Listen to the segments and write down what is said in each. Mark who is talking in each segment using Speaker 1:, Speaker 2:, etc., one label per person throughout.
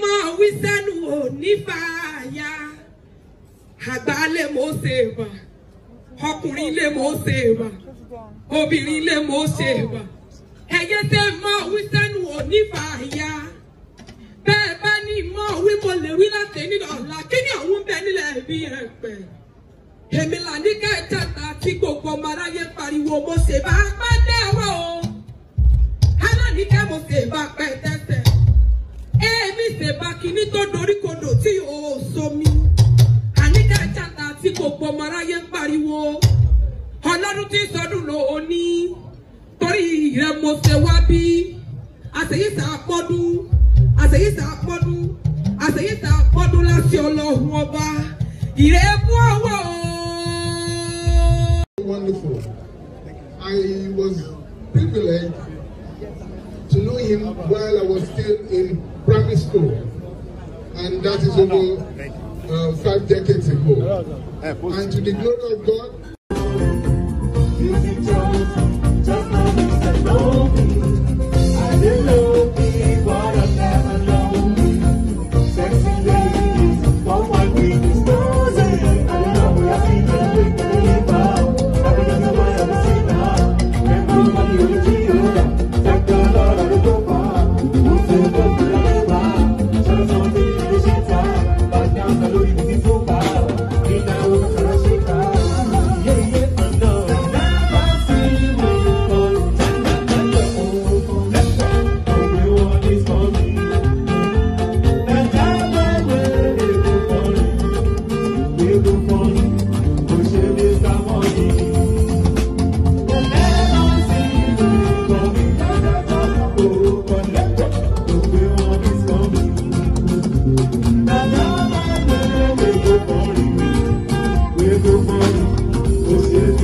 Speaker 1: mọ wí sẹ́nu ò ní fàáyà àgbà lè mọ́ ṣe wà ọkùnrin lè mọ́ ṣe wà obìnrin lè mọ́ ṣe wà ẹ̀yẹ tẹ́ mọ wí sẹ́nu ò ní fàáyà bẹ́ẹ̀ bá ní mọ wí mo lè wí láti ní ọ̀la kí ni òun bẹ nílẹ̀ bí ẹ̀pẹ̀ èmi là ní kẹ́ẹ̀tàtà tí gbogbo ọmọ aráyé pariwo mo ṣe bá pẹ́ dẹ́wọ́ o aláníkẹ́ mo ṣe bá pẹ́ tó dorí kodò tí òwò somi àníkà jàǹdà tí gbogbo ọmọ aráyé ń pariwo ọlọ́run tí sọdún lò ó ní torí rẹ mo ṣe wá bí àṣeyíṣà àpọ́dún àṣeyíṣà àpọ́dún àṣeyíṣà àpọ́dún láti ọlọ́run ọba ìrẹ́bú ọwọ́ o. Wonderful. I was
Speaker 2: privileged to know him while I was still in primary school. and that is over uh, five decades ago. And to the glory of God,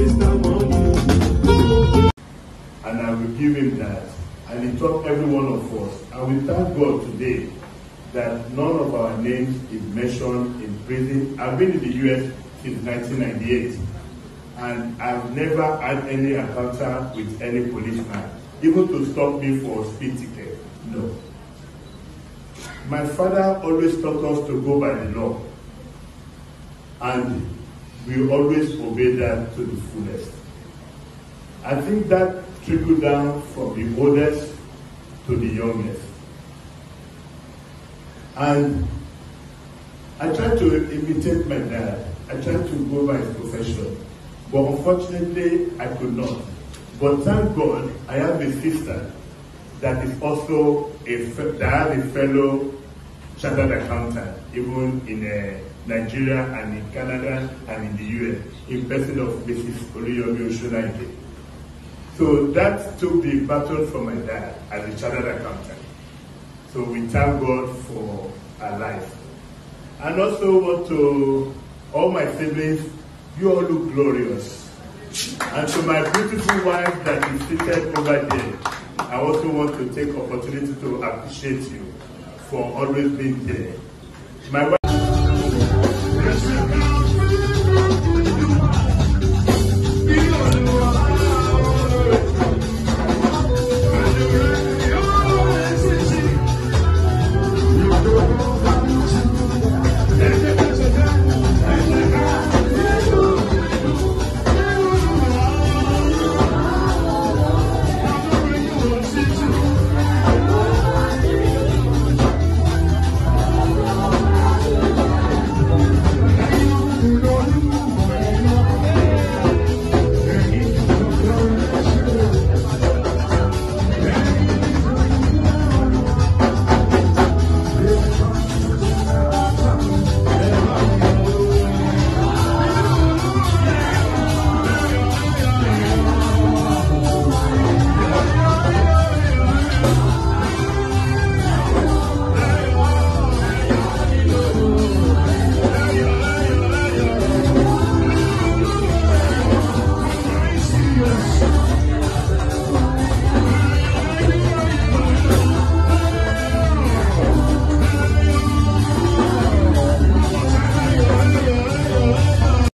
Speaker 2: Mr. Money. And I will give him that. And he taught every one of us. And we thank God today that none of our names is mentioned in prison. I've been in the U.S. since 1998. And I've never had any encounter with any policeman, even to stop me for a speed ticket. No. My father always taught us to go by the law. And we always obey that to the fullest. I think that trickled down from the oldest to the youngest. And I tried to imitate my dad. I tried to go by his profession. But unfortunately, I could not. But thank God, I have a sister that is also a, that a fellow chartered accountant, even in uh, Nigeria and in Canada and in the US, in person of Mrs. Oluyomi Oshunaike. So that took the battle from my dad as a chartered accountant. So we thank God for our life. And also want to all my siblings, you all look glorious. And to my beautiful wife that is seated over there, I also want to take opportunity to appreciate you for always being there. My wife